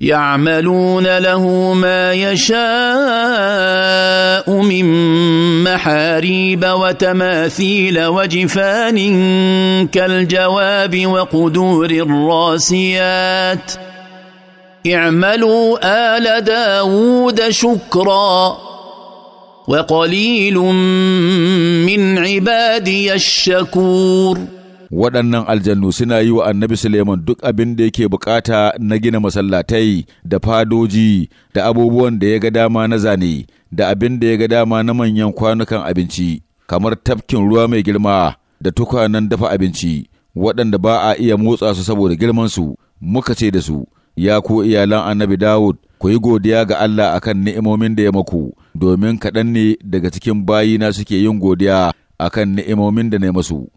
يعملون له ما يشاء من محاريب وتماثيل وجفان كالجواب وقدور الراسيات اعملوا ال داود شكرا وقليل من عبادي الشكور waɗannan aljannu suna yi wa annabi Suleiman duk abin da yake bukata na gina masallatai da fadoji da abubuwan da ya ga dama na zane da abin da ya ga dama na manyan kwanukan abinci kamar tafkin ruwa mai girma da tukwanen dafa abinci waɗanda ba a iya motsa su saboda girman su muka ce da su ya ku iyalan annabi Dawud ku yi godiya ga Allah akan ni'imomin da ya maku domin kaɗan ne daga cikin bayina suke yin godiya akan ni'imomin da na masu.